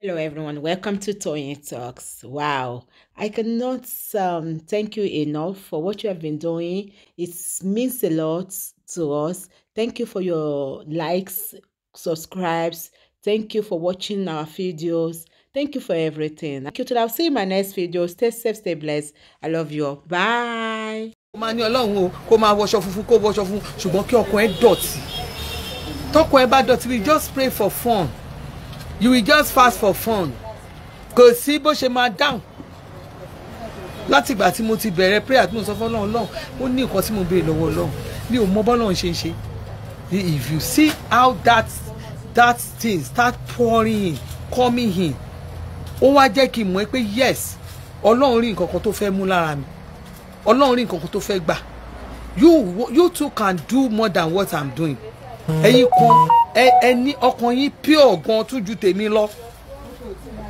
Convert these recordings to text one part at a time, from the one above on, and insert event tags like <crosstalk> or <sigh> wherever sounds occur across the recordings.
Hello, everyone. Welcome to Toyeen Talks. Wow, I cannot um, thank you enough for what you have been doing. It means a lot to us. Thank you for your likes, subscribes. Thank you for watching our videos. Thank you for everything. Thank you till I'll see you in my next video. Stay safe, stay blessed. I love you. All. Bye. Kó máa ní Ọlọ́run o, kó máa wọṣọ funfun, kó wọṣọ funfun, ṣùgbọ́n kí ọkàn dọ̀tí. Tọkàn bá dọ̀tí, we just pray for fun you will just fast for fun kò sí bó ṣe máa dáhùn láti ìgbà tí mo ti bẹ̀rẹ̀ prayer tí mo sọ fún ọlọ́run lọ́hùn ó ní nǹkan tí mo béèrè lọ́wọ́ ọlọ́run mi ò mọ bọ́lọ́run ṣe ń ṣe if you see how that that thing start pouring in coming in ó wá jẹ́ kí n mọ̀ pé yes ọlọ́run rí nǹkan kan tó fẹ́ mú lára mi ọlọ́run rí nǹkan kan tó fẹ́ gbà you you too can do more than what i'm doing Hmm. ẹ̀yin kan ẹni ọkàn yín pure gan tún ju tèmi lọ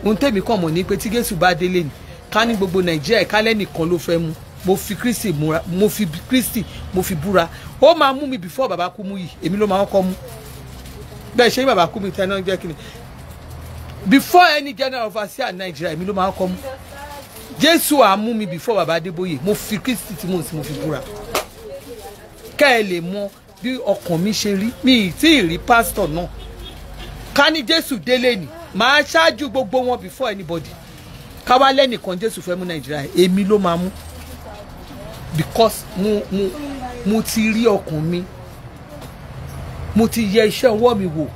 ohun tèmi kàn mọ̀ ní pé tí Jésù bá délé ni ká ní gbogbo Nàìjíríà ìkálẹ̀ nìkan ló fẹ́ mu mo fi Kristi múra mo fi Kristi mo fi búra ó máa mú mi before bàbá kú mú yìí èmi ló máa kọ́ mú bẹ́ẹ̀ ṣe bàbá kú mi tẹ́ náà jẹ́ kí ni before any general overseer Nigeria èmi ló máa kọ́ mú Jésù àmú mi before bàbá Adébóyè mo fi Kristi tí mo sì mo fi búra kẹ́ ẹ lè mọ bí ọkàn mi ṣe rí mi ì tí ì rí pásítọ̀ náà ká ní jésù délé ni màá ṣáájú gbogbo wọn before anybody ká wá lẹ́nìkan jésù fẹ́ mú nàìjíríà èmi ló máa mú because mo mo mo ti rí ọkàn mi mo ti yẹ iṣẹ́ ọwọ́ mi wò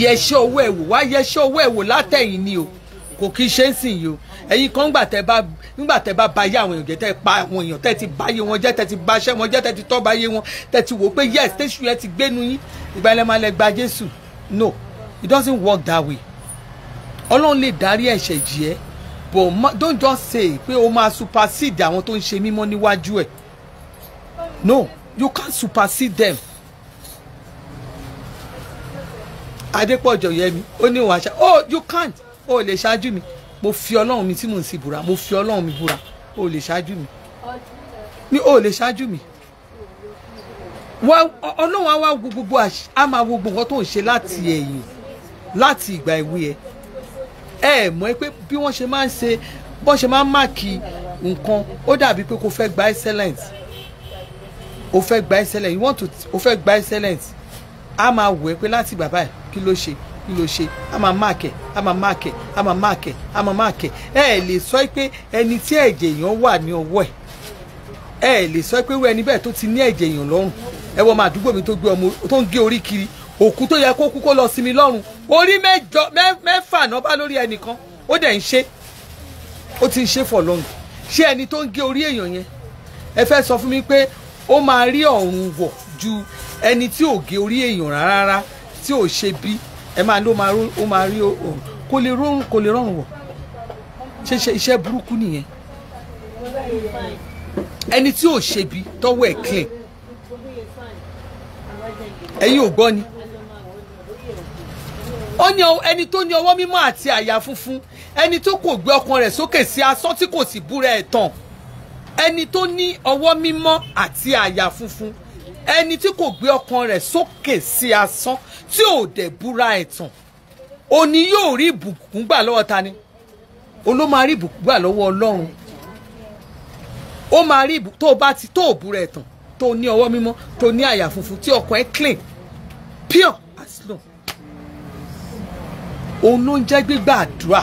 yẹ iṣẹ́ ọwọ́ ẹ̀ wò wá yẹ iṣẹ́ ọwọ́ ẹ̀ wò látẹ̀yìn ni o kò kí ṣe ń sìn yìí o ẹ̀yin kan ngbà tẹ́ bá ngbà àwọn èèyàn jẹ́ tẹ́ pa àwọn èèyàn tẹ́ ti báyé wọn jẹ́ tẹ́ ti báṣẹ́ wọn jẹ́ tẹ́ ti tọ́ba yé wọn tẹ́ ti wò pé yes tẹ́sù yẹn ti gbénu yín ìgbà ilẹ̀ máa gba Jésù no it doesn't work that way Ọlọ́run lè darí ẹ̀ṣẹ̀ jì ẹ́ but don't just say pé o máa supersede àwọn tó ń ṣe mímọ́ níwájú ẹ̀ no you can't supersede them Adépọ̀jọ̀ yẹmi ó ní ìwà àṣà oh you can't o lè ṣáájú mi mo fi ọlọ́run mi tí mò ń sì búra mo fi ọlọ́run mi búra o lè ṣáájú mi ní o lè ṣáájú mi ọlọ́run á wá wo gbogbo á máa wo gbogbo nǹkan tó ń ṣe láti ẹ̀yìn láti ìgbà ìwé ẹ̀ ẹ mọ̀ pé bí wọ́n ṣe máa ń ṣe bọ́ ṣe máa ń máàkì nǹkan ó dàbí pé kò fẹ́ gba excellence o fẹ́ gba excellence you want to o fẹ́ gba excellence a máa wò ẹ́ pé láti bàbá ẹ̀ kí ló ṣe kí ló ṣe a máa máàkẹ̀ a máa máàkẹ̀ a máa máàkẹ̀ a máa máàkẹ̀ ẹ ẹ lè sọ pé ẹni tí ẹ̀jẹ̀ èèyàn wà ní ọwọ́ ẹ̀ ẹ ẹ lè sọ pé wọ́n ẹni bẹ́ẹ̀ tó ti ní ẹ̀jẹ̀ èèyàn lọ́rùn ẹ wọ́n máa àdúgbò mi tó gbé ọmọ tó ń gé orí kiri òkú tó yẹ kó kú kó lọ sinmi lọ́rùn orí mẹ́jọ mẹ́fà náà bá lórí ẹnìkan ó dẹ̀ ń ṣe ó ti ń ṣe for long ṣé ẹni tó ń gé orí èèyàn yẹn ẹ fẹ́ sọ fún mi pé ó máa rí ọ̀run wọ̀ ju ẹni tí ò gé orí èèyàn rárá tí ò ṣe bí ẹ máa ní ó máa rí òòrùn kò lè rọrùn kò lè rọrùn wọ̀ ṣe iṣẹ́ burúkú nìyẹn ẹni tí ò ṣebi tọwọ́ ẹ̀ clean ẹ̀yin ò gbọ́ ni ó ní ẹni tó ní ọwọ́ mímọ́ àti àyà funfun ẹni tó kò gbé ọkàn rẹ̀ sókè sí asán tí kò sì búra ẹ̀ tàn ẹni tó ní ọwọ́ mímọ́ àti àyà funfun ẹni tí kò gbé ọkàn rẹ̀ sókè sí asán tí ò dẹ̀ búra ẹ̀tàn òní yóò rí ìbùkún gbà lọ́wọ́ ta ni oló máa rí ìbùkún gbà lọ́wọ́ ọlọ́run ó máa rí ìbùkún tó bá ti tó òbúra ẹ̀tàn tó ní ọwọ́ mímọ́ tó ní àyà funfun tí ọkàn ẹ̀ clean pure as snow òun ló ń jẹ́ gbígbà àdúrà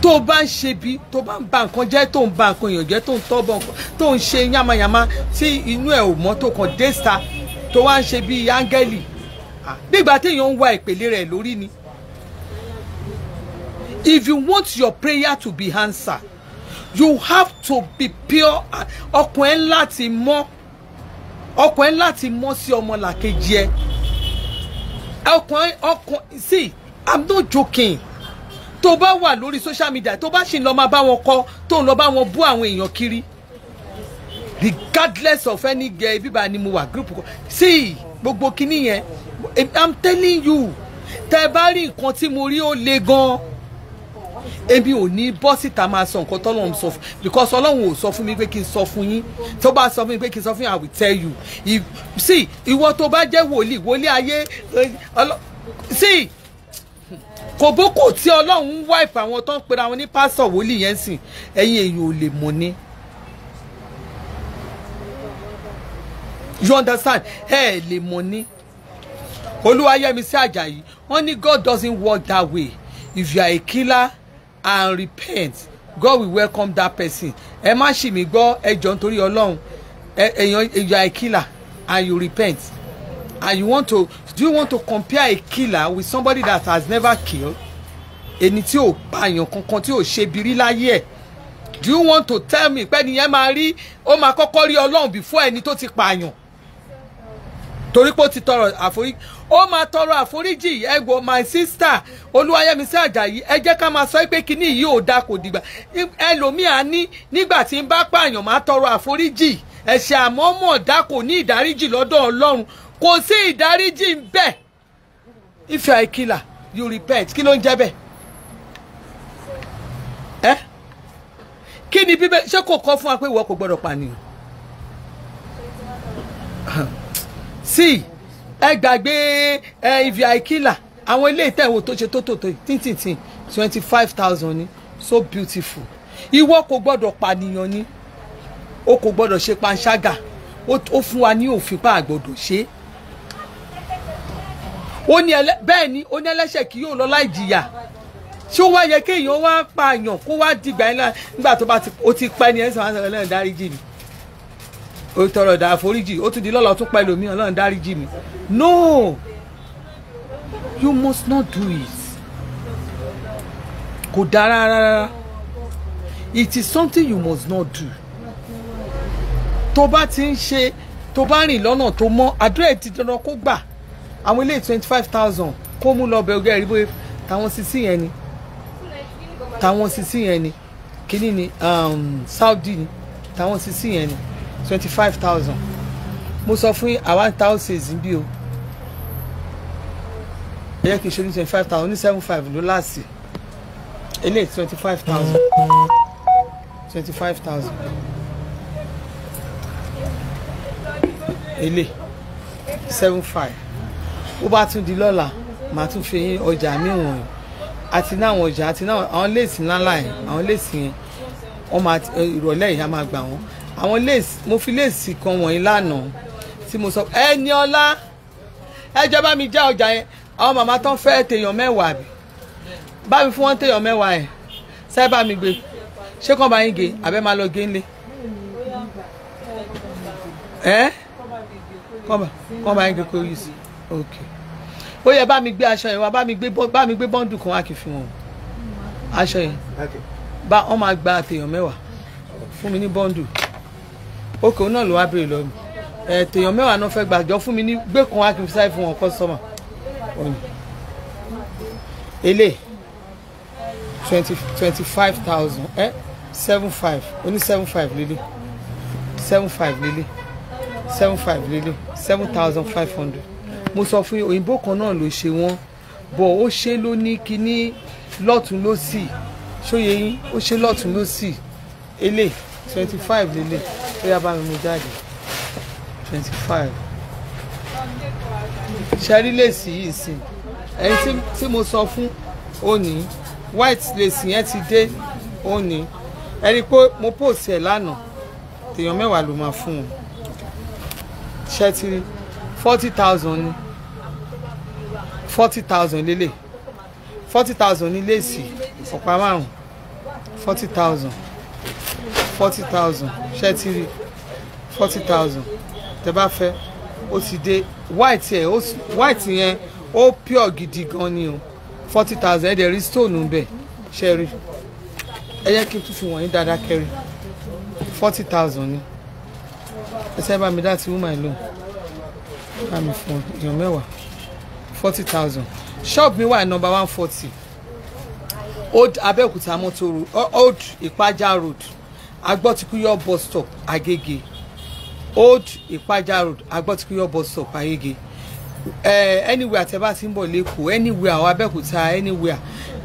tó o bá ń ṣe bí tó o bá ń ba nǹkan jẹ́ tó ń ba nǹkan èèyàn jẹ́ tó ń tọ́ bọ̀ tó ń ṣe yánmayànmá tí inú ẹ̀ ò mọ́ tó kàn dé sta tó wá ń ṣe bí áńgẹ́lì nígbà téèyàn ń wa ìpèlè rẹ̀ lórí ni. If you want your prayer to be answered, you have to be pure ọkàn ẹ̀ láti mọ́ ọkàn ẹ̀ láti mọ́ sí ọmọlàkejì ẹ̀ ọkàn ọkàn see I'm not joking tó bá wà lórí social media tó bá sì ń lọ máa bá wọn kọ tó ń lọ bá wọn bú àwọn èèyàn kiri regardless of any gẹ bíbá ni mo wà group kan sí gbogbo kinní yẹn i'm telling you tẹ bá rí nǹkan tí mo rí ó le gan èmi ò ní bọ́ síta máa sọ nǹkan tọ́lọ́run sọ fún because ọlọ́run ò sọ fún mi pé kí n sọ fún yín tó bá sọ fún mi pé kí n sọ fún yín i will tell you see ìwọ tó bá jẹ́ wòlíì wòlíì ayé eh, sí kò bókò tí ọlọ́run ń wá ìpè àwọn tó ń pera wọn ní pásọ̀ wòlíì yẹn sìn ẹ̀yin èyí ò lè mọ̀ ni. you understand ẹ ẹ lè mọ̀ ni. Olúwayẹmísí Àjàyí wọ́n ní God doesn't work that way if you are a killer and repent God will welcome that person ẹ má ṣì mí gbọ́ ẹ jọ nítorí ọlọ́run èèyàn you are a killer and you repent and you want to do you want to compare a killer with somebody that has never killed ẹni tí ò pààyàn kankan tí ò ṣe birí láyé ẹ̀ do you want to tell me pé nìyẹn máa rí ó máa kọ́kọ́ rí ọlọ́run before ẹni tó ti pààyàn torí pé ó ti tọrọ àforí ó máa tọrọ àforíjì ẹgbọ my sister olúwayẹmísí àjàyí ẹ jẹ́ ká máa sọ pé kinní yìí ò dáa kò dìgbà ẹlòmíà ní nígbà tí n bá pààyàn máa tọrọ àforíjì ẹ̀ṣẹ̀ àmọ́mọ́ dáa kò ní ìdáríjì lọ́dọ̀ ọlọ́run kò sí ìdáríjì ń bẹ if you are a killer you repent kí ló ń jẹ́ bẹ́ẹ̀ ẹ́ kí ni bíbẹ́ ṣé kò kọ́ fún wa pé ìwọ kò gbọ́dọ̀ pànìyàn sí ẹ gbàgbé ẹ if you are a killer àwọn ilé ìtẹ̀wò tó ṣe tó tó tó tíntìntín twenty five thousand ni so beautiful ìwọ kò gbọ́dọ̀ pànìyàn ni o kò gbọ́dọ̀ ṣe panṣágà ó fún wa ní òfin pa àgbọ́dọ̀ ṣe é ó ní ẹlẹ bẹ́ẹ̀ ni ó ní ẹlẹ́ṣẹ̀ kì yóò lọ láì jìyà ṣé ó wá yẹ kéèyàn wá pààyàn kó wá dìgbà yẹn náà nígbà tó bá ó ti pẹ́ ni ẹ̀sán àṣẹ ọlọ́run dáríjì mi ó tọrọ ìdá àforíjì ó tún di lọ́la tún pẹ́ lómi ọlọ́run dáríjì mi no you must not do it kò dáa rárá it is something you must not do tó bá ti ń ṣe tó bá rìn lọ́nà tó mọ́ àdúrà ti dandan kó gbà àwọn ilé twenty five thousand kó mú lọ bẹ̀rù ẹ̀rí bóyá tàwọn sisi yẹn ni tàwọn sisi yẹn ni kíní ni um, Saudi ni tàwọn sisi yẹn ni twenty five thousand mo sọ fún yín àwa ta ó ṣe ìzínbí o ẹ yẹ kí n ṣe ní twenty five thousand ní seven five ló láàsì eléyìí twenty five thousand twenty five thousand eléyìí seven five ó bá tún di lọ́la màá tún fi ọjà mìíràn àti náwọn ọjà àti náwọn àwọn léèsì ńláńlá yẹn àwọn léèsì yẹn wọ́n máa ìrọ̀lẹ́ yìí á máa gbà wọ́n àwọn léèsì mo fi léèsì kan wọ̀nyí lánàá tí mo sọ ẹni ọlá ẹjọ́ bá mi já ọjà yẹn àwọn màmá tán fẹ́ tèèyàn mẹ́wàá bì bá mi fún wọn tèèyàn mẹ́wàá yẹn sẹ́ẹ̀ bá mi gbé ṣé kàn bá yín gé àbẹ́ máa lọ gé ńlẹ̀ ẹ́ kàn bá yín gé kó yìí sí okay ó yẹ bá mi gbé aṣọ yẹn wá bá mi gbé bá mi gbé bọ́ǹdù kan wá kí n fi wọn aṣọ yẹn bá wọn máa gba àtẹ̀yàn mẹ́wàá fún mi ní bọ́ǹdù òkè òun náà ló wá béèrè lọ́rùn ẹ̀tẹ̀yàn mẹ́wàá náà fẹ́ gbàjọ fún mi ní gbé kan wá kí n fi sáré fún wọn kọ́sọ́mà òní ele twenty twenty five thousand ẹ seven five oní seven five lélẹ̀ seven five lélẹ̀ seven five lélẹ̀ seven thousand five hundred mo sọ fún yín òyìnbó kan náà ló ṣe wọ́n bọ̀ ó ṣe ló ní kinní lọ́tún ló sì ṣóye yín ó ṣe lọ́tún ló sì elé twenty five lélẹ̀ ó yá bá mi mú jáde twenty five ṣẹ́rí lèsì yìí sìn ẹ̀yin tí mo sọ fún òní white lèsì yẹn ti dé òní ẹni pé mo pòsì ẹ̀ lánàá tèèyàn mẹ́wàá ló máa fún un ṣẹ́tìrì forty thousand ni forty thousand lélẹ̀ forty thousand ní léèsì ọ̀pá márùn forty thousand forty thousand ṣẹ́tìrì forty thousand tẹ́ bá fẹ́ ó ti dé white yẹn white yẹn ó pure gidi gan ni o forty thousand ẹ̀dẹ̀ rí stone ń bẹ̀ ṣe rí ẹ jẹ́ kí n tún fi wọ̀nyí dáadáa kẹrin forty thousand ni ẹ sẹ́ bá mi dá ti wú màá lò bá mi fún èèyàn mẹ́wàá forty thousand shop mi wà number one forty old Abẹ́òkúta motor road old Ìpájà road agbọ́tikúyọ̀ bus stop Agége old Ìpájà road agbọ́tikúyọ̀ bus stop Agége uh, anywhere tẹ bá ti ń bọ̀ lẹ́kọ̀ọ́ anywhere àwọn Abẹ́òkúta anywhere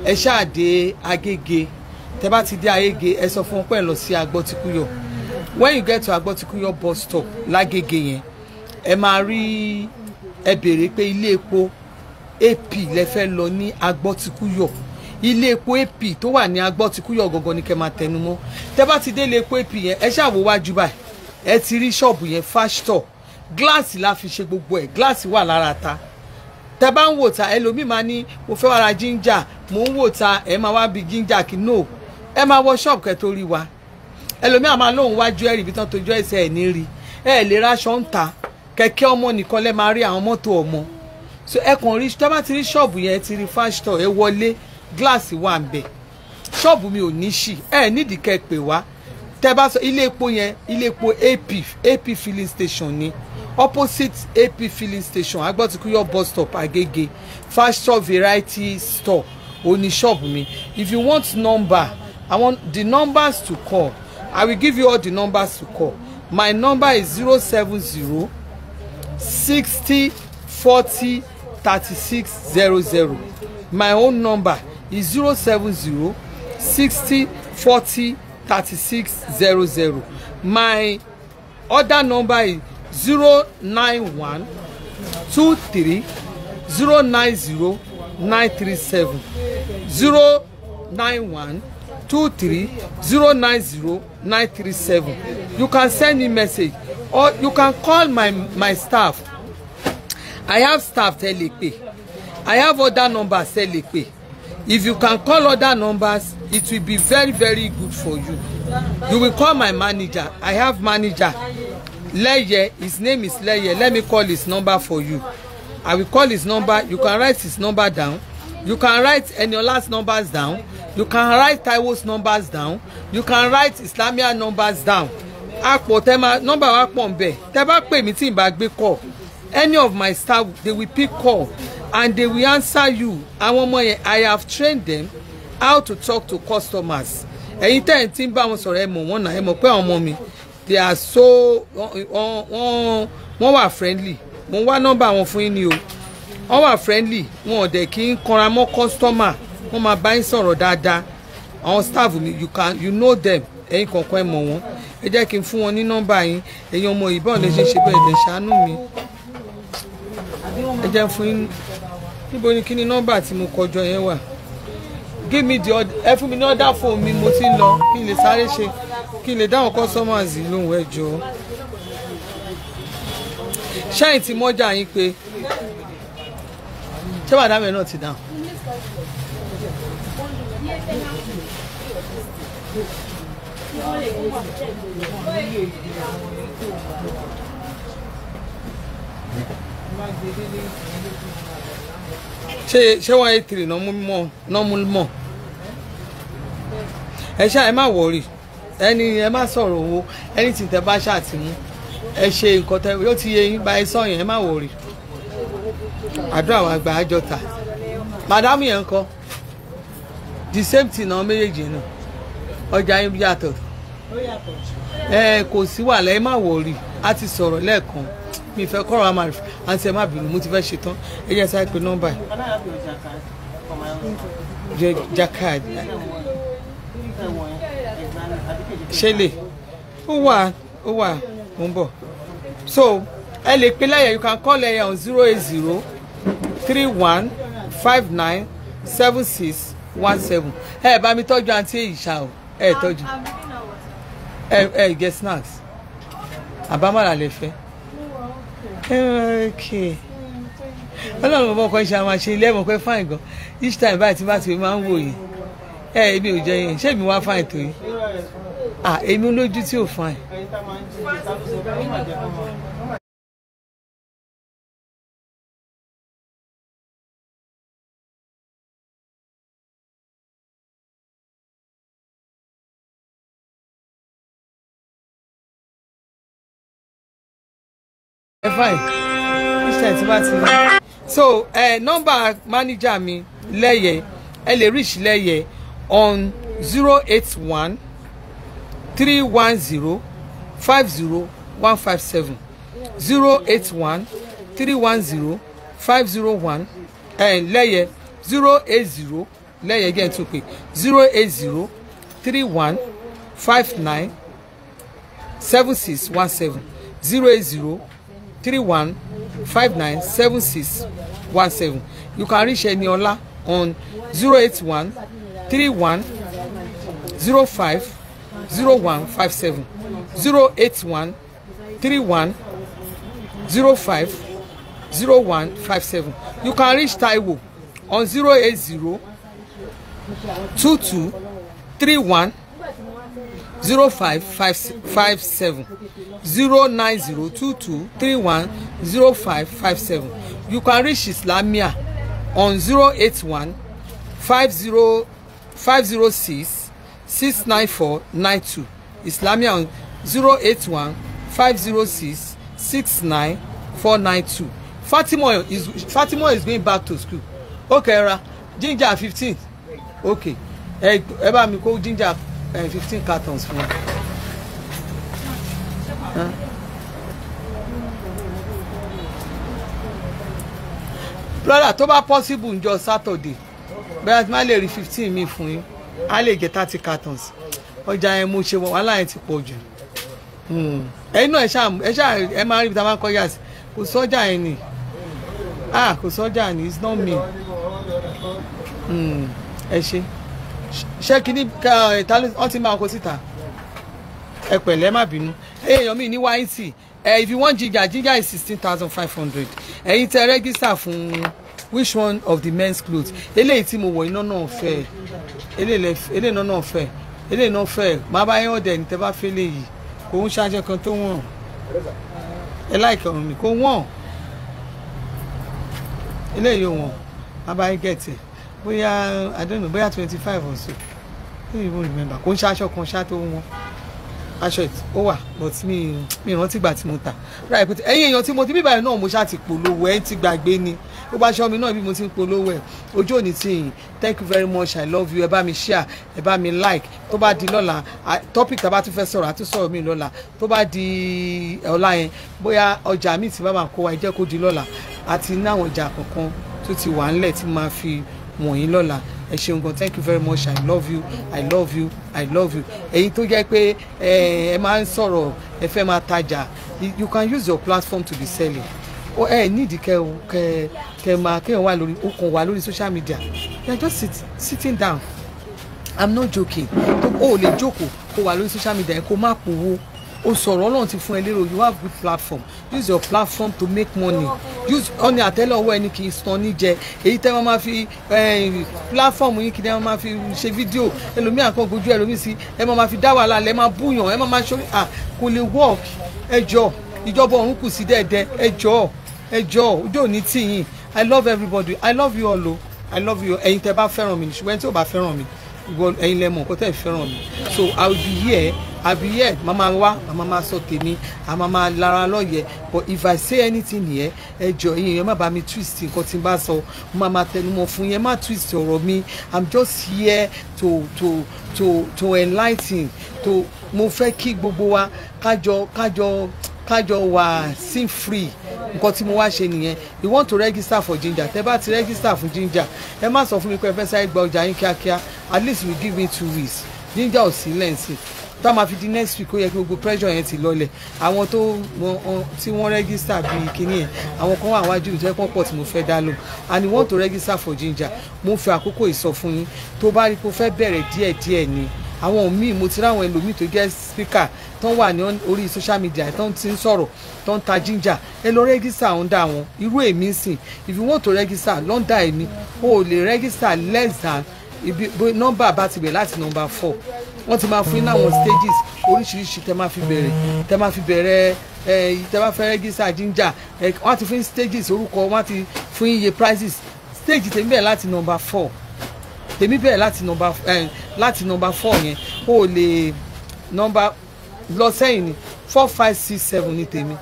ẹ ṣáà dé Agége tẹ bá ti dé Agége ẹ sọ fún pẹ́ lọ sí agbọ́tikúyọ̀ when you get to agbọ́tikúyọ̀ bus stop lágége yẹn ẹ máa rí ẹ béèrè pé ilé epo ap lẹ fẹ́ lọ ní agbọ́tikúyọ̀ ilé epo ap tó wà ní agbọ́tikúyọ̀ gangan ni kẹ́ máa tẹnu mọ́ tẹ́ bá ti dé ilé epo ap yẹn ẹ ṣàwò wájú báyìí ẹ ti rí ṣọ́ọ̀bù yẹn fásitọ̀ gíláàsì la fi ṣe gbogbo ẹ̀ gíláàsì wà lára ta tẹ́ bá ń wò ta ẹlòmíì máa ní mo fẹ́ wá jíńjà mò ń wò ta ẹ máa wá bi jíńjà kì no ẹ máa wọ ṣọ́ọ̀bù kẹ́ tó rí wa ẹlòmíì máa lóun wájú ẹ̀rì ibi tán tójú ẹ̀sẹ̀ ẹ̀ ní rí ẹ̀ lè ra aṣọ ń ta kẹ̀kẹ́ ọmọ nìkan lẹ́ máa rí àwọn mọ́tò ọmọ so ẹ kàn rí tó bá ti rí ṣọ́ọ̀bù yẹn ti rí fásitọ̀ ẹ wọlé gíláàsì wà ń bẹ̀ ṣọ́ọ̀bù mi ò ní ṣì ẹ nídìí kẹ́ ẹ pè wá tẹ́ bá sọ ilé epo yẹn ilé epo AP AP filling station ni opposite AP filling station agbọ́tukuyọ bus stop Agege fásitọ̀ variety store òní ṣọ́ọ̀bù mi if you want number I want the numbers to call I will give you all the numbers to call my number is zero seven zero sixty forty thirty six zero zero my own number is zero seven zero sixty forty thirty six zero zero my other number is zero nine one two three zero nine zero nine three seven zero nine one two three zero nine zero nine three seven you can send me message or you can call my my staff I have staff tẹ́ lè pè I have other numbers tẹ́ lè pè if you can call other numbers it will be very very good for you you will call my manager I have manager Leye his name is Leye let me call his number for you I will call his number you can write his number down you can write Eniola's numbers down you can write Taiwo's numbers down you can write Islamia numbers down àpò tẹ́ ma nọ́mbà wa pọ̀ ń bẹ̀ tẹ́ bá pè mí tí n bá gbé kọ̀ any of my staff they will pick call and they will answer you àwọn ọmọ yẹn i have trained them how to talk to customers ẹ̀yin tẹ́ ẹ̀ ti ń bá wọn sọ̀rọ̀ ẹ mọ̀ wọ́n náà ẹ mọ̀ pé àwọn ọmọ mi they are so wọ́n wọ́n wà friendly mo wá nọ́mbà wọn fún yín ni o wọ́n wà friendly wọn ò dẹ̀ kí ń kanra mọ́ customer wọ́n máa bá yín sọ̀rọ̀ dáadáa àwọn staff mi you can you know them ẹ̀yin kọ̀ọ̀kan ẹ mọ̀ wọ́n ẹ jẹ́ kí n fún wọn ní nọ́mbà yín ẹ̀yin ọmọ ìbọn lè ṣe ṣe bẹ́ẹ̀ lè ṣàánú mi jẹ́ fún yín níbo ni kí ni nọ́mbà tí mo kọjọ yẹn wà give me the order ẹ fún mi ní order phone mi mo ti ń lọ kí n lè sáré ṣe kí n lè dáhùn customers lóhùn ẹ jọ̀ọ́ ṣẹ́yìn tí mọ́jà yín pé ṣé bàdámẹ́ náà ti dáhùn. Thank you. ṣé ṣé wọn eight three normal mọ ẹ ṣá ẹ má wọrí ẹni ẹ má sọ̀rọ̀ owó ẹni tí tẹ bá ṣàtìmú ẹ ṣe nǹkan tẹ yóò ti yẹ yín bá ẹ sọyìn ẹ má wọrí àdúrà wa gbà á jọta màdámù yẹn kọ the same thing náà méjèèjì náà ọjà yín yàtọ̀ ẹ kò sí wàhálà ẹ má wọrí a ti sọ̀rọ̀ lẹ́ẹ̀kan mi fẹ́ kọ́ra wa máa rí àǹtí ẹ má bínú mo ti fẹ́ ṣe tán ẹ jẹ́ sáré pé nọ́mbà yìí jacquard ṣẹlẹ̀ ó wà ó wà mo ń bọ̀ so ẹ lè pè lẹ́yà you can call lẹ́yà on zero eight zero three one five nine seven six one seven ẹ bá mi tọ́jú àǹtí èyí ṣá o ẹ tọ́jú ẹ ẹ get snacks àbámọ̀ràn lè fẹ́ ọlọ́run bọ́bọ́ kan ṣe àwọn àṣe ilé ẹ̀mọ́ pé fáìn gan each time báyìí tí bá ti máa ń wò yìí ẹ èmi ò jẹ yẹn ṣé èmi wá fáìn tó yìí à èmi lójú tí ò fáìn. so uh, nọ́mbà manager mi lẹ́yẹ ẹ lè reach lẹ́yẹ on zero eight one three one zero five zero one five seven zero eight one three one zero five zero one lẹ́yẹ zero eight zero lẹ́yẹ again tún pé zero eight zero three one five nine seven six one seven zero eight zero three one five nine seven six one seven you can reach Eniola on zero eight one three one zero five zero one five seven zero eight one three one zero five zero one five seven you can reach Taiwo on zero eight zero two two three one zero five five five seven zero nine zero two two three one zero five five seven you can reach islamia on zero eight one five zero five zero six six nine four nine two islamia on zero eight one five zero six six nine four nine two fatima is fatima is going back to school okay ra ginger fifteen okay ẹ bá mi kó ginger eh, fifteen cartons fún wa brother tó bá possible ǹjọ́ saturday bẹ́ẹ̀ tí má lè rí fifteen mi fún yín á lè jẹ́ thirty cartons ọjà yẹn mo ṣe wàhálà yẹn ti pọ̀ jù hmm. ẹ̀yin náà ẹ ṣáà ẹ ṣáà ẹ máa rí ibi tá a máa ń kọjá sí kò sọ́jà yẹn ni ah kò sọ́jà ni it's not me hmm. ẹ ṣe ṣé kí ni ọtí máa kó síta ẹ pẹ̀lẹ́ má bínú èèyàn mi ní wáyìntì ẹ if you want ginger ginger is sixteen thousand five hundred ẹ̀yin tẹ rẹ́gísítà fún which one of the men's clothes eléyìí tí mo wọ̀ iná náà fẹ́ eléyìí náà náà fẹ́ eléyìí náà fẹ́ má bá yẹn ọ̀dẹ̀ ní tẹ́ bá fẹ́ léyìí kò ń ṣáájẹ́ kan tó wọ̀n ẹ láìka ọ̀run mi kò wọ̀n eléyìí wọ̀n má bá yẹn gẹ̀tẹ̀ bóyá I don't know bóyá twenty five or so I don't even remember kò ń ṣáṣọ kan ṣá tó wọ̀n aṣọ ó wà but mi mi rántí gbà tí mo tà ráì pété ẹ̀yin èèyàn tí mo ti bíbáyìí náà mo ṣáà ti polówó ẹ̀ ti gbàgbé ni ó bá aṣọ mi náà bí mo ti polówó ẹ̀ ojú òní ti yìn thank you very much i love you ẹ bá mi share ẹ bá mi like tó bá di lọ́la topic tá a bá tún fẹ́ sọ̀rọ̀ àti sọ̀rọ̀ mi lọ́la tó bá di ọ̀la yẹn bóyá ọjà mi ti bá máa kó wa jẹ́ kó di lọ́la àti ní àwọn ọjà kọ̀ọ̀kan tó ti wà ńlẹ̀ tí máa fi wọ̀nyí lọ́la ẹ ṣeun gan thank you very much i love you i love you i love you èyí tó jẹ́ pé ẹ máa ń sọ̀rọ̀ ẹ fẹ́ máa tajà you can use your platform to be selling ó ẹ nídìí kẹ kẹ kẹ máa kéèyàn wà lórí okùn wà lórí social media you are just sit, sitting down i'm not joking o ò lè jókòó kó wà lórí social media kó má pòwó o sọ̀rọ̀ ọlọ́run ti fún ẹ lérò you have good platform use your platform to make money use ọ̀nì àtẹ́lẹ̀ ọwọ́ ẹni kì í san níjẹ èyí tẹ́ wọ́n máa fi eh, platform yín kì í wọ́n máa fi ṣe fídíò ẹlòmíà kan gojú ẹlòmíì sí ẹ máa fi dá wàhálà lẹ máa búyàn ẹ máa ṣe kò lè work ẹ jọ ìjọba ọ̀run kù sí dẹ́ẹ̀dẹ́ ẹ jọ ẹ jọ ojú òní tìyìn i love everybody i love you all o i love you ẹ̀yin tẹ́ bá fẹ́ràn mi ṣùgbọ́n ẹni tí ò bá fẹ́ràn mi ẹ̀yin lẹ mọ̀ nǹkan tẹ́ fẹ́ràn mi so i will be here àbí yẹ màá máa wá màá máa sọ tèmi àmà máa lara lọ́yẹ̀ but if I say anything yẹ ẹ jọ yín yẹn má bàa mi twist nǹkan tí n bá sọ màá máa tẹnumọ́ fún yẹn má twist ọ̀rọ̀ mi I'm just here to to to to enlighten to mo fẹ́ kí gbogbo wa kájọ kájọ kájọ wà sí free nǹkan tí mo wá ṣe nìyẹn you want to register for ginger tẹ bá ti register for ginger ẹ má sọ fún mi pé ẹ fẹ́ sáré gba ọjà yín kíákíá at least we give me two weeks ginger ò sí lẹ́ǹsì tó a máa fi di next week ó yẹ kí gbogbo pressure yẹn ti lọlẹ̀ àwọn tó tí wọ́n register bíi kíní yẹn àwọn kan wà wájú ìjẹ́ pọ̀ pọ̀ tí mo fẹ́ dá lò and you want to register for ginger mo fi àkókò ìsọfún yín tó bá rí pé o fẹ́ bẹ̀rẹ̀ díẹ̀díẹ̀ ni àwọn míì mo ti ráwọn ẹlòmíì tó jẹ́ speaker tó ń wà ní orí social media tó ti ń sọ̀rọ̀ tó ń ta ginger ẹ lọ rẹ́gísà ọ̀ǹda wọn irú èmi sìn if you want to register lọ́ndà èmi o lè register less than number nọ́mbà bá ti bẹ̀ láti nọ́mbà four wọ́n ti máa fún yín láwọn stages oríṣiríṣi tẹ́ máa fi bẹ̀rẹ̀ tẹ́ máa fi bẹ̀rẹ̀ ẹ tẹ́ bá fẹ́ rẹ́gísà ginger ẹ wọ́n ti fún yín stages orúkọ wọ́n ti fún yín iye prices stage tèmi bẹ̀rẹ̀ láti number four tèmi bẹ̀rẹ̀ láti number ẹ láti number four yẹn o lè number lọ sẹ́yìn ni four five six seven ni tèmi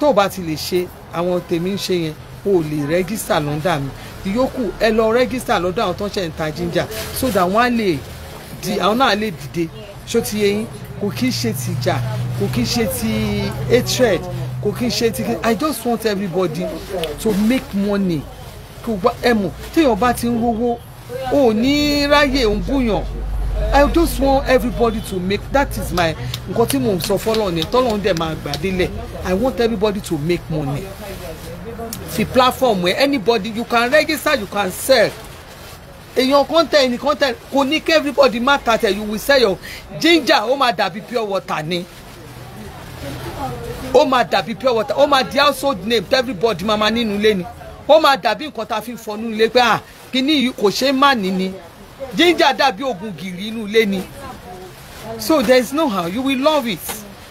tó o bá ti lè ṣe àwọn tèmi ń ṣe yẹn o lè rẹ́gísà lọ́dà mi ìyókù ẹ lọ rẹ́gísà lọ́dọ̀ àwọn tó ń ṣe ń ta ginger so that wọ́n á lè di àwọn náà lè dìde ṣó ti yẹ yín kò kí n ṣe ti jà kò kí n ṣe ti hatred kò kí n ṣe ti i just want everybody to make money kò wá ẹ téèyàn bá ti ń rówó ò ní ráyè ń i just want everybody to make that is my nǹkan tí mò ń sọ fọlọ́ ni tọ́lọ́run dẹ̀ máa gbà i want everybody to make money fi platform where anybody you can register you can sell èèyàn kan tẹ ẹnìkan tẹ kò ní kí everybody má ka tẹ you will sell your ginger ó máa dàbí pure water ni ó máa dàbí pure water ó máa di household name to everybody mama nínú ilé ni ó máa dàbí nǹkan tá a fi fọnú ilé pé ah kíní yìí kò ṣeé má ní ni ginger dàbí oògùn gìrì inú ilé ni so there is no how you will love it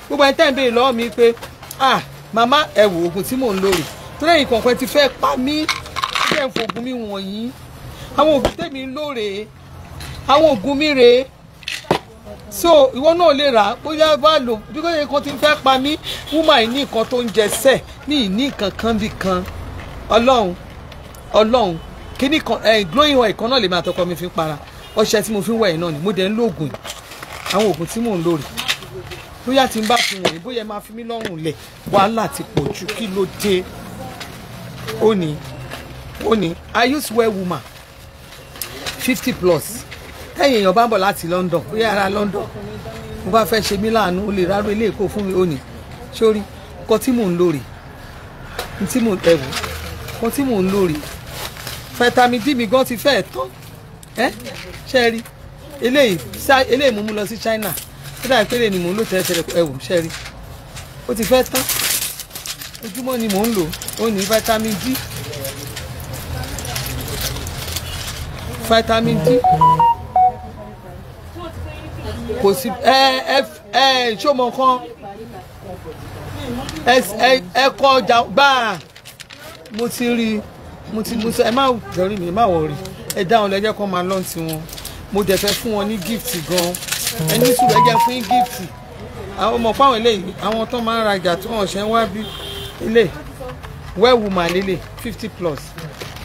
gbogbo ẹni tẹ́ ń béèrè lọ́wọ́ mi pé ah mama ẹ wo oògùn tí mò ń lò rè tó lẹ́yìn kọ̀ọ̀kan ti fẹ́ pa mí ṣé ẹ̀ ń fògùn mi wọ̀nyí àwọn oògùn tèmi ń lò rèé àwọn oògùn mi rèé so ìwọ náà lè rà bóyá bá lò bí kò yẹ kó ti fẹ́ pa mí wúmà ní nǹkan tó ń jẹ sẹ̀ ní ìní nǹkan kan bì kan ọlọ́run ọlọ́run kíní kan ẹ̀ eh, glowing oil kan náà lè máa tọkọ mi fi para ọṣẹ tí mo fi ń wẹ̀ yìí náà ni mo dẹ̀ ń lo oògùn àwọn oògùn tí mò ń lò rè bóyá tí n bá fi wọ̀nyí bóyá máa fi mí lọ́rùn lẹ̀ wàhálà ti pọ̀ ju kí ló dé ó ní ó ní i use well woman fifty plus ẹ̀yìn èèyàn bá ń bọ̀ láti London bóyá ara London mo bá fẹ́ ṣe mí láàánú o lè rárú ilé èkó fún mi òní sórí nǹkan tí mò ń lò rè tí mò ń ẹ̀wò nǹkan tí mò ń lò rè vitamin D mi gan ti fẹ́ẹ̀ tán ẹ́ ṣe rí eléyìí eléyìí mú mú lọ sí China ó dàbí pé lè ní mò ń lò tẹ́lẹ̀ tẹ́lẹ̀ ẹ̀wò ṣe rí ó ti fẹ́ tán ojúmọ́ ni mò ń lò ó ní vitamin D vitamin D kò sí ẹ ẹ ẹ ṣọmọ kan ẹ ẹ ẹ kọ ọjà gbáà mo ti rí mo ti mo ti ẹ má jọrí mi ẹ má wọrí ẹ dáhùn lẹjẹ kan máa lọ sí wọn mo dẹ̀ fẹ́ fún wọn ní gift gan ẹ ní sùúrù ẹ jẹ́ fún gift àwọn ọmọ fáwọn eléyìí àwọn tó máa ń rajà tó hàn ṣe ń wá bí ilé wẹ́ẹ̀wù màlélè fifty plus.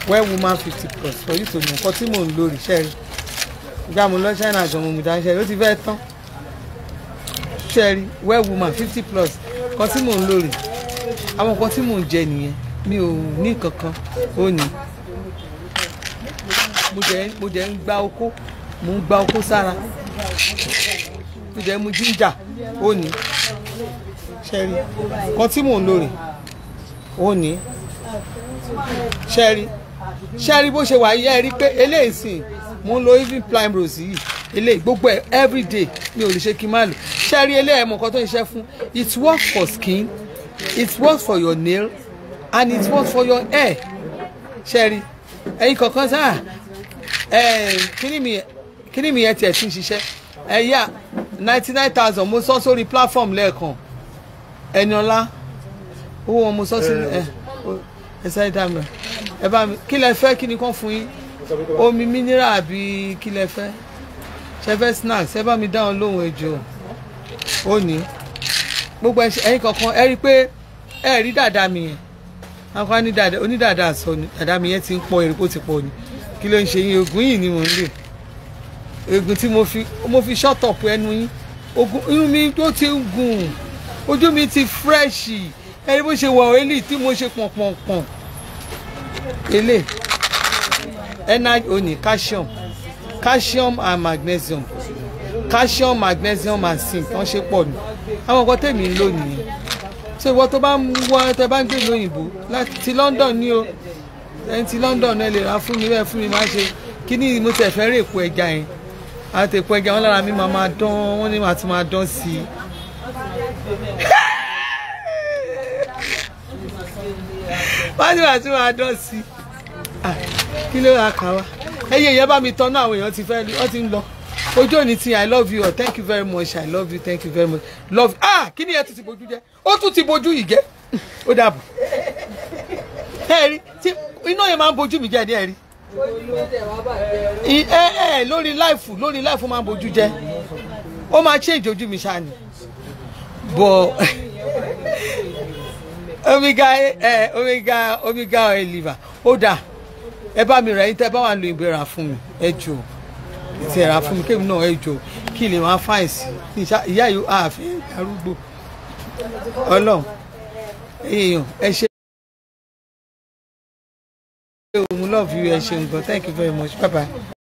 Where woman fifty plus for you to know nǹkan tí mò ń lò rí ṣẹ́ẹ̀rì ìgbà mo lọ China àjọ mo mi dá ṣẹ́ẹ̀rì ó ti fẹ́ tán ṣẹ́ẹ̀rì well woman fifty plus nǹkan tí mò ń lò rí àwọn nǹkan tí mò ń jẹ nìyẹn mi ò ní kankan ó ní mo jẹ ń gba oko mo ń gba oko sára mo jẹ mu jíńjà ó ní ṣẹ́ẹ̀rì nǹkan tí mò ń lò rí ó ní ṣẹ́ẹ̀rì ṣe rí bó ṣe wà yìí ẹ rí pé eléyìí sìn mo ń lo even prime rose yìí eléyìí gbogbo ẹ everyday mi ò lè ṣe kí n má lò ṣe rí eléyìí ẹ̀mọ̀ kan tó ń ṣe fún it works for skin it works for your nail and it works for your hair ṣe rí ẹ̀yin kankan sáà kíní mi yẹn tiẹ̀ ti ń ṣiṣẹ́ ẹ̀yà ninety nine thousand mo sọ sórí platform lẹ́ẹ̀kan Ẹniọlá owó wọn mo sọ sí ẹ̀ ẹ̀ sáré dá mi ẹ bá mi kí lẹ fẹ́ kí ni kàn fún yín omi mineral àbí kí lẹ fẹ́ ṣe fẹ́ snacks ẹ bá mi dáhùn lóhùn ẹjọ́ ó ní gbogbo ẹyin kankan ẹ rí i pé ẹ rí dàda mi yẹn akọ onídàda sọ ni dàda mi yẹn ti ń pọ̀ èrè kó ti pọ̀ ni kí ló ń ṣe yín oògùn yìí ni mò ń lò oògùn tí mo fi mo fi ṣọ́tọ̀pù ẹnu yín oògùn irun mi tó ti ń gùn ojú mi ti fírẹ́ṣì ẹ bó ṣe wà ọ́ẹ́lì tí mo ṣe pọ̀npọ̀npọ̀n ele NiO ní calcium calcium and magnesium calcium magnesium and zinc wọ́n ṣe pọ̀ nù àwọn nǹkan tèmi ń lò nìyẹn so ìwọ tó bá ń wọ tẹ bá ń gbé ìlú òyìnbó ti London ní o ẹni ti London ẹ lè ra fún mi bẹ́ẹ̀ fún mi máa ṣe kí ni mo tẹ̀ fẹ́ rí èpo ẹja yẹn àti èpo ẹja wọn lára mi máa máa dán wọn ní màá tún máa dán sí i. <laughs> wọ́n ní màá tún máa dán sí i. Ah, kí ló ra kà wá ẹyẹ ìyá bá mi tọ́nú àwọn èèyàn ti fẹ́ ọ ti ń lọ ojú òní ti i love you thank you very much i love you thank you very much love you. ah kí ni ẹ tún ti bojú jẹ ó tún ti bojú yìí jẹ ó dàbọ̀ ẹ rí tí iná yẹn máa ń bojú mi jẹ ní ẹ rí ẹ ẹ lórí láìfù lórí láìfù máa ń bojú jẹ ó máa ṣe ìjọjú mi ṣáà ni bọ <laughs> omega ẹ eh, omega omega ẹ liver ó dáa ẹ bá mi rà yín tẹ́ bá wà lu ìbẹ̀rà fún mi ẹ jò ti ẹ̀rà fún mi kébì náà ẹ jò kí lè wọ́n á fáìn sí ìyá yìí ààfin arúgbó ọlọ́run èèyàn ẹ ṣe òun lọ́ọ̀fù ẹ ṣe nǹkan thank you very much bye bye.